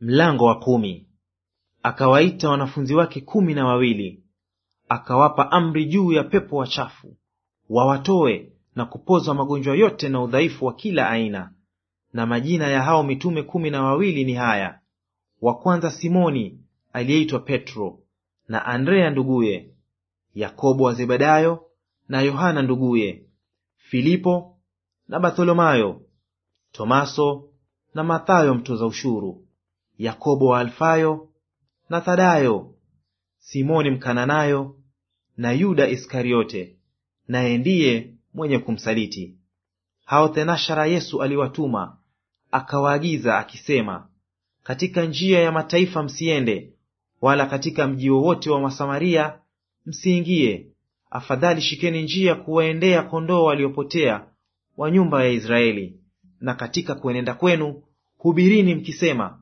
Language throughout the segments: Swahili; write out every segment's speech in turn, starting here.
Mlango wa kumi. Akawaita wanafunzi wake kumi na wawili, akawapa amri juu ya pepo wachafu, wawatoe na kupoza magonjwa yote na udhaifu wa kila aina. Na majina ya hao mitume kumi na wawili ni haya: wa kwanza Simoni aliyeitwa Petro, na Andrea nduguye, Yakobo wa Zebedayo na Yohana nduguye, Filipo na Bartholomayo, Tomaso na Mathayo mtoza ushuru Yakobo wa Alfayo na Thadayo, Simoni Mkananayo na Yuda Iskariote, naye ndiye mwenye kumsaliti. Hao thenashara Yesu aliwatuma akawaagiza akisema, katika njia ya mataifa msiende, wala katika mji wowote wa Masamaria msiingie; afadhali shikeni njia kuwaendea kondoo waliopotea wa nyumba ya Israeli. Na katika kuenenda kwenu hubirini mkisema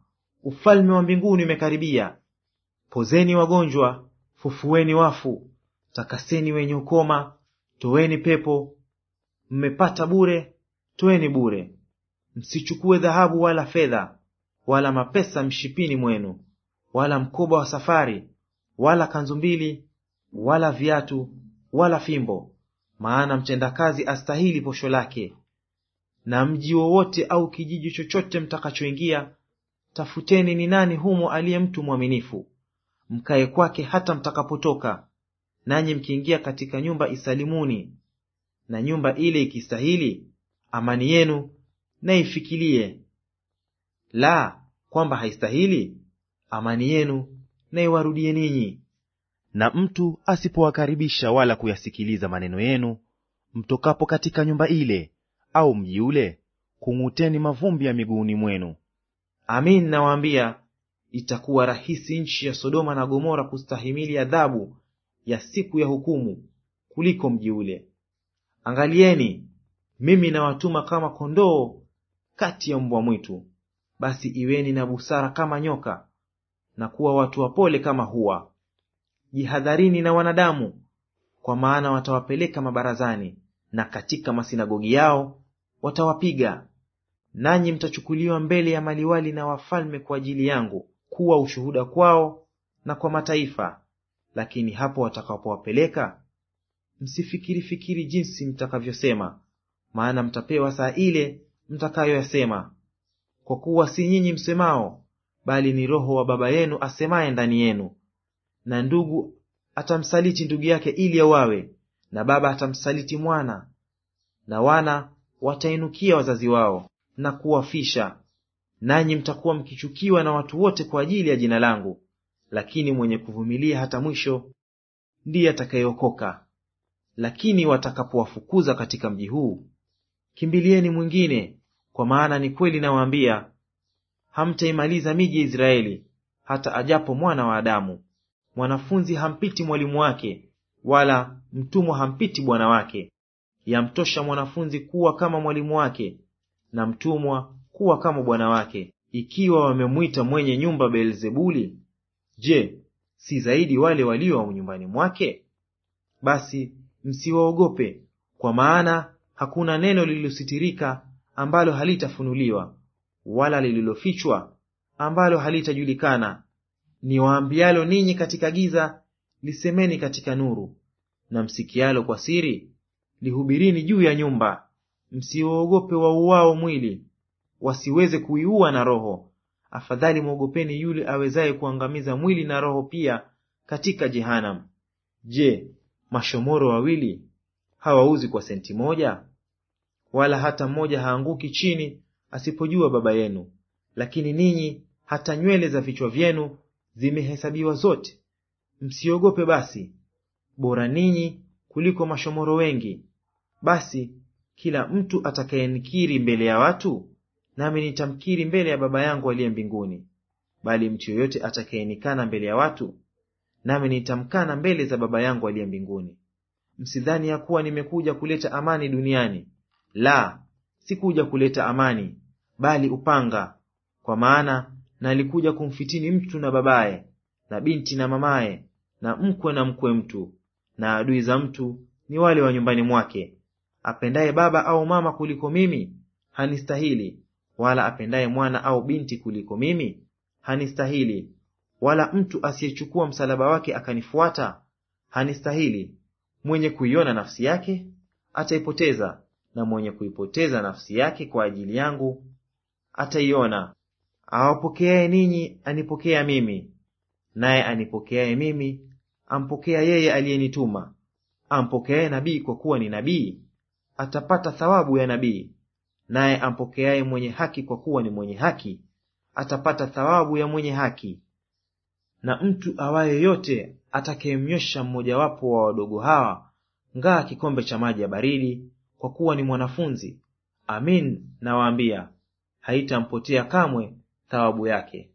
ufalme wa mbinguni umekaribia. Pozeni wagonjwa, fufueni wafu, takaseni wenye ukoma, toweni pepo. Mmepata bure, toweni bure. Msichukue dhahabu wala fedha wala mapesa mshipini mwenu, wala mkoba wa safari, wala kanzu mbili, wala viatu, wala fimbo, maana mtendakazi astahili posho lake. Na mji wowote au kijiji chochote mtakachoingia, tafuteni ni nani humo aliye mtu mwaminifu, mkae kwake hata mtakapotoka, nanyi mkiingia katika nyumba isalimuni. Na nyumba ile ikistahili amani yenu, na ifikilie; la kwamba haistahili, amani yenu na iwarudie ninyi. Na mtu asipowakaribisha wala kuyasikiliza maneno yenu mtokapo katika nyumba ile au mji ule, kung'uteni mavumbi ya miguuni mwenu. Amin, nawaambia itakuwa rahisi nchi ya Sodoma na Gomora kustahimili adhabu ya siku ya hukumu kuliko mji ule. Angalieni, mimi nawatuma kama kondoo kati ya mbwa mwitu. Basi iweni na busara kama nyoka na kuwa watu wapole kama huwa Jihadharini na wanadamu, kwa maana watawapeleka mabarazani, na katika masinagogi yao watawapiga nanyi mtachukuliwa mbele ya maliwali na wafalme kwa ajili yangu kuwa ushuhuda kwao na kwa mataifa. Lakini hapo watakapowapeleka, msifikirifikiri jinsi mtakavyosema, maana mtapewa saa ile mtakayoyasema, kwa kuwa si nyinyi msemao, bali ni Roho wa Baba yenu asemaye ndani yenu. Na ndugu atamsaliti ndugu yake ili auawe, na baba atamsaliti mwana, na wana watainukia wazazi wao na kuwafisha, nanyi mtakuwa mkichukiwa na watu wote kwa ajili ya jina langu, lakini mwenye kuvumilia hata mwisho ndiye atakayeokoka. Lakini watakapowafukuza katika mji huu, kimbilieni mwingine, kwa maana ni kweli nawaambia, hamtaimaliza miji ya Israeli hata ajapo mwana wa Adamu. Mwanafunzi hampiti mwalimu wake, wala mtumwa hampiti bwana wake. Yamtosha mwanafunzi kuwa kama mwalimu wake, na mtumwa kuwa kama bwana wake, ikiwa wamemwita mwenye nyumba Beelzebuli, je, si zaidi wale walio wa nyumbani mwake? Basi msiwaogope, kwa maana hakuna neno lililositirika ambalo halitafunuliwa, wala lililofichwa ambalo halitajulikana. Ni waambialo ninyi katika giza, lisemeni katika nuru, na msikialo kwa siri, lihubirini juu ya nyumba msiuogope wauao mwili, wasiweze kuiua na roho. Afadhali mwogopeni yule awezaye kuangamiza mwili na roho pia katika Jehanam. Je, mashomoro wawili hawauzi kwa senti moja? Wala hata mmoja haanguki chini asipojua Baba yenu. Lakini ninyi hata nywele za vichwa vyenu zimehesabiwa zote. Msiogope basi, bora ninyi kuliko mashomoro wengi. Basi kila mtu atakayenikiri mbele ya watu, nami nitamkiri mbele ya Baba yangu aliye mbinguni. Bali mtu yoyote atakayenikana mbele ya watu, nami nitamkana mbele za Baba yangu aliye mbinguni. Msidhani ya kuwa nimekuja kuleta amani duniani; la, sikuja kuleta amani, bali upanga. Kwa maana nalikuja kumfitini mtu na babaye na binti na mamaye na mkwe na mkwe mtu, na adui za mtu ni wale wa nyumbani mwake apendaye baba au mama kuliko mimi hanistahili, wala apendaye mwana au binti kuliko mimi hanistahili, wala mtu asiyechukua msalaba wake akanifuata hanistahili. Mwenye kuiona nafsi yake ataipoteza, na mwenye kuipoteza nafsi yake kwa ajili yangu ataiona. Awapokeaye ninyi anipokea mimi, naye anipokeaye mimi ampokea yeye aliyenituma. Ampokeaye nabii kwa kuwa ni nabii atapata thawabu ya nabii, naye ampokeaye mwenye haki kwa kuwa ni mwenye haki atapata thawabu ya mwenye haki. Na mtu awaye yote atakayemnyosha mmojawapo wa wadogo hawa ngaa kikombe cha maji ya baridi, kwa kuwa ni mwanafunzi, amin nawaambia, haitampotea kamwe thawabu yake.